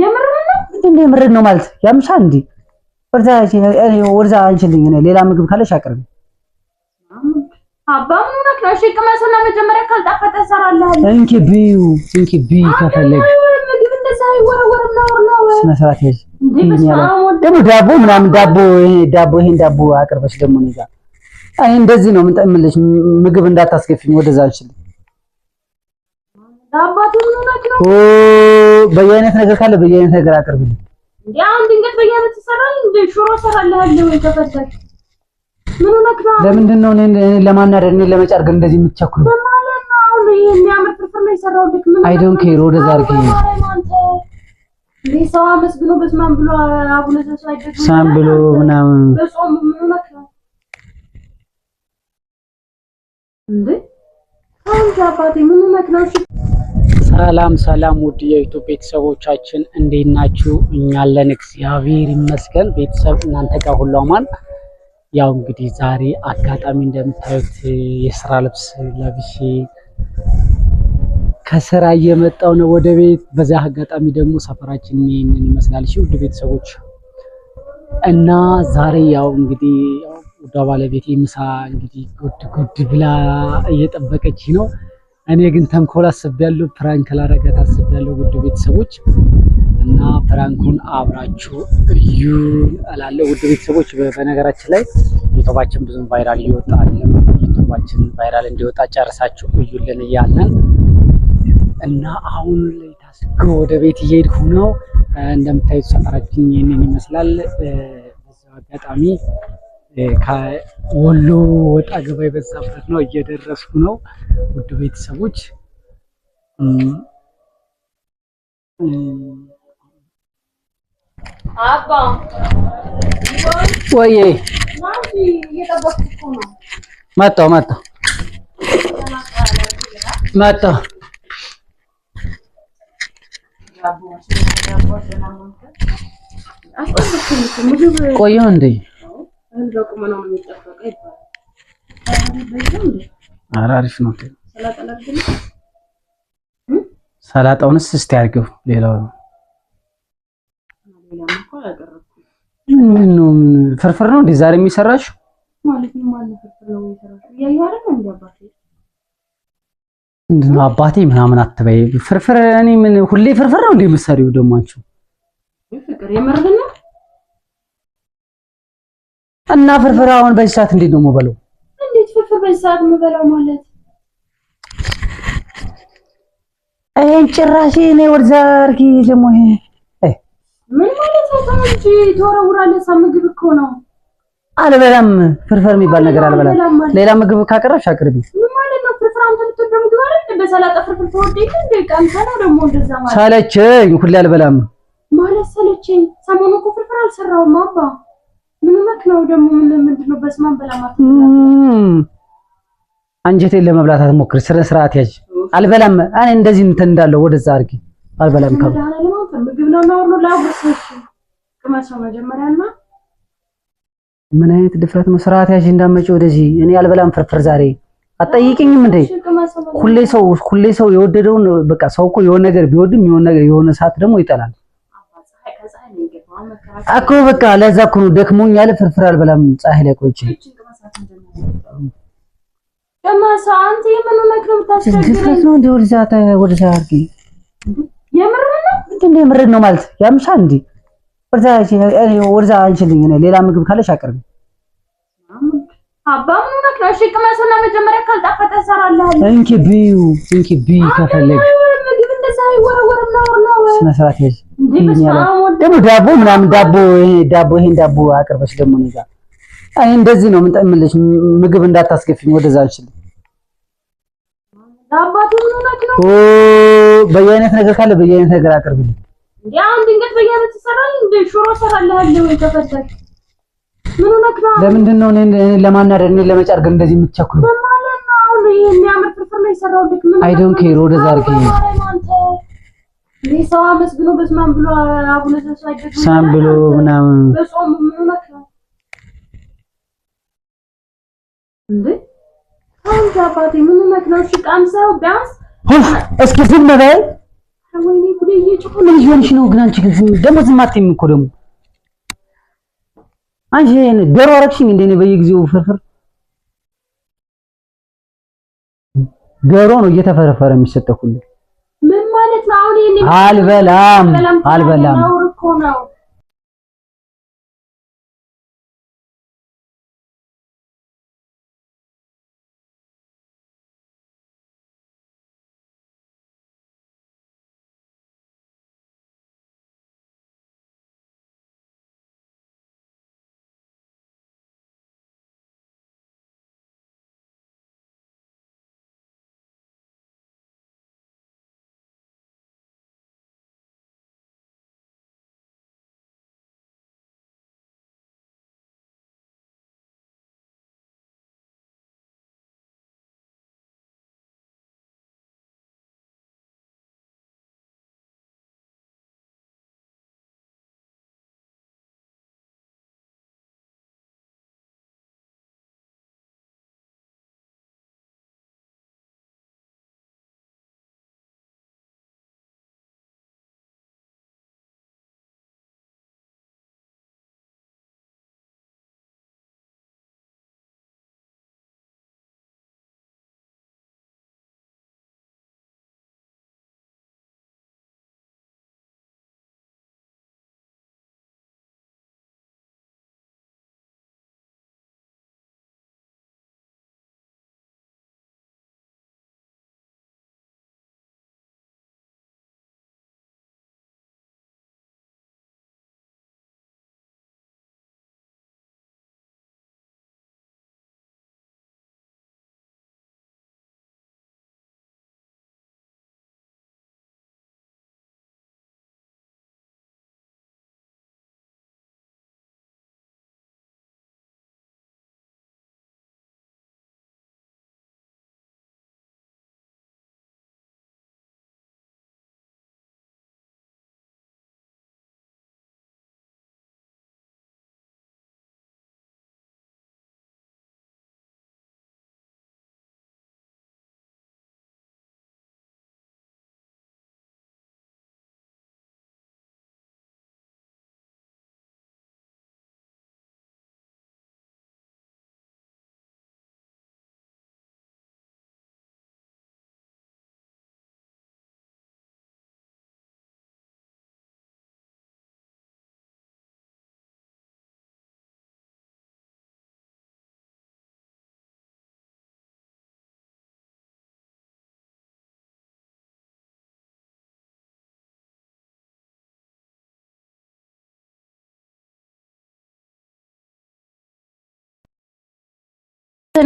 የምር ነው ማለት ያምሻ እንዴ? ወርዛ ወርዛ አንችልኝ እኔ ሌላ ምግብ ካለሽ አቅርብ። ደግሞ ዳቦ ምናምን ዳቦ ይሄን ዳቦ አቅርበሽ ደግሞ ነው ጋር አይ እንደዚህ ነው የምልሽ፣ ምግብ እንዳታስገፊኝ ወደዛ። አንችልም በየአይነት ነገር ካለ በየአይነት ነገር አቅርብልኝ። ለምንድን ነው እኔ ለማናደድ እኔ ለመጫር ግን እንደዚህ የምትቸኩሉ? አይ ዶንት ኬር ወደዛ አድርጊኝ። ሰው አመስግኖ በስመ ብሎ አቡነ ሰብሶ አይደለም ብሎ ምናምን ሰላም ሰላም፣ ውድ የዩቱብ ቤተሰቦቻችን እንዴት ናችሁ? እኛለን እግዚአብሔር ይመስገን። ቤተሰብ እናንተ ጋር ሁሉ አማን። ያው እንግዲህ ዛሬ አጋጣሚ እንደምታዩት የስራ ልብስ ለብሼ ከስራ እየመጣው ነው ወደ ቤት። በዚያ አጋጣሚ ደግሞ ሰፈራችን ይህንን ይመስላል። እሺ ውድ ቤተሰቦች እና ዛሬ ያው እንግዲህ ውዷ ባለቤቴ ምሳ እንግዲህ ጉድ ጉድ ብላ እየጠበቀች ነው። እኔ ግን ተንኮል አስቤያለሁ፣ ፕራንክ ላረጋት አስቤያለሁ። ውድ ቤተሰቦች እና ፕራንኩን አብራችሁ እዩ እላለሁ። ውድ ቤተሰቦች በነገራችን ላይ ዩቱባችን ብዙም ቫይራል እየወጣ አይደለም። ዩቱባችን ቫይራል እንዲወጣ ጨርሳችሁ እዩልን እያለን እና አሁን ላይ ታስገው ወደ ቤት እየሄድኩ ነው። እንደምታዩት ሰፈራችን ይህንን ይመስላል። በዚሁ አጋጣሚ ከወሎ ወጣ ገባ የበዛበት ነው። እየደረስኩ ነው ውድ ቤተሰቦች። ወይ መጣሁ መጣሁ መጣሁ። ቆየሁ እንዴ እህል በቁመናው ነው ነው። ሰላጣውንስ እስቲ አድርጊው። ሌላው ምን ነው ፍርፍር ነው እንዴ ዛሬ የሚሰራሽ? ምንድን ነው አባቴ ምናምን አትበይ። ፍርፍር እኔ ምን ሁሌ ፍርፍር ነው እንዴ የምትሰሪው ደግሞ አንቺ? እና ፍርፍር አሁን በዚህ ሰዓት እንዴት ነው የምበለው? እንዴት ፍርፍር በዚህ ሰዓት የምበለው ማለት ይሄን ጭራሽ እኔ ወርዛርኪ አድርጊ ይሄ ምን ማለት ነው? ታንቺ ተወረውራለህ። ምግብ እኮ ነው። አልበላም ፍርፍር የሚባል ነገር አልበላም። ሌላ ምግብ ካቀረብሽ አቅርቢ። ምን ማለት ነው ፍርፍር? አንተ ልትወደው ምግብ አይደል? በሰላጣ ፍርፍር ተወደኝ እንዴ? ቃንታ ነው ደግሞ እንደዛ ማለት ሰለቸኝ። ሁሌ አልበላም ማለት ሰለቸኝ። ሰሞኑን እኮ ፍርፍር አልሰራሁም አባ አንጀቴ ነው ደግሞ ምንድነው? በስመ አብ በላማት አንጀቴን ለመብላት አትሞክሪ። ስነ ስርዓት ያዥ። አልበላም እኔ እንደዚህ እንትን እንዳለው ወደዛ አድርጊ። አልበላም ካብ ምን አይነት ድፍረት ነው? ስርዓት ያዥ እንዳመጪ ወደዚህ። እኔ አልበላም ፍርፍር ዛሬ አጠይቅኝም እንዴ? ሁሌ ሰው ሁሌ ሰው የወደደውን በቃ ሰው እኮ የሆነ ነገር ቢወድም የሆነ ሰዓት ደግሞ ይጠላል። እኮ በቃ ለዛ እኮ ነው ደክሞኛል፣ ፍርፍር አልበላም ፀሐይ ላይ ቆይቼ የምር ነው ማለት ያምሻል። እንደ ወደዛ አንችልኝ። ሌላ ምግብ ካለሽ አቅርቢ። መጀመሪያ ካልጣፈጠ ሰራለሁ። እንኪ ብዩ፣ እንኪ ብይ ከፈለግ ስነ ስርዓት ይሄ ደግሞ ዳቦ ምናምን ዳቦ ዳቦ ይሄን ዳቦ አቅርበሽ ደግሞ እኔ ጋር አይ እንደዚህ ነው የምልሽ። ምግብ እንዳታስገፊኝ ወደዛ አንችል በየአይነት ነገር ካለ በየአይነት ነገር አቅርብልኝ። ለምንድን ነው እኔን ለማናደድ እኔን ለመጫር ግን እንደዚህ የምትቸኩለው? አይ ዶንት ኬር ወደዛ አድርጊ ሰው አመስግኖ ብሎ ሳም ብሎ ምናምን ምን ነው ምን ነው? እስኪ ዝም ምን እየሆንሽ ነው ግን? አንቺ ግን ደግሞ ዝም አትይም እኮ ደግሞ አንቺ ዶሮ አደረግሽኝ እንደ እኔ በየጊዜው ፍርፍር ዶሮ ነው እየተፈረፈረ የሚሰጠው ሁሉ አልበላም አልበላም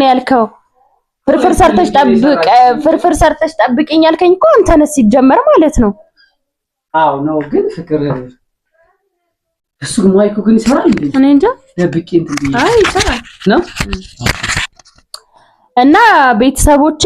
ነው ያልከው። ፍርፍር ሰርተሽ ጠብቅ፣ ፍርፍር ሰርተሽ ጠብቅኝ ያልከኝ እኮ አንተ ነህ ሲጀመር ማለት ነው። አዎ ነው። ግን ፍቅር እሱ ግን ማይኩ ግን ይሰራል እንዴ? እኔ እንጃ። ደብቄ እንትን አይ ይሰራል ነው እና ቤተሰቦቼ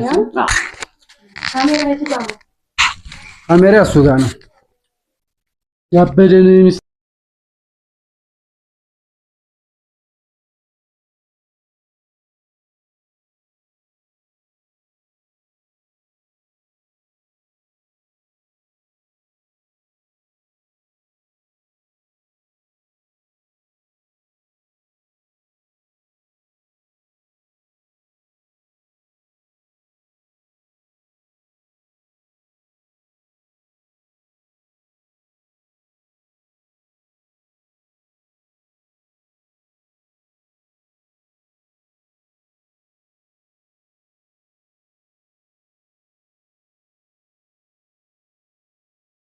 Görüyorsun. Bak. Kameraya sudanı. Kamera sudanı. Yap bedenimiz.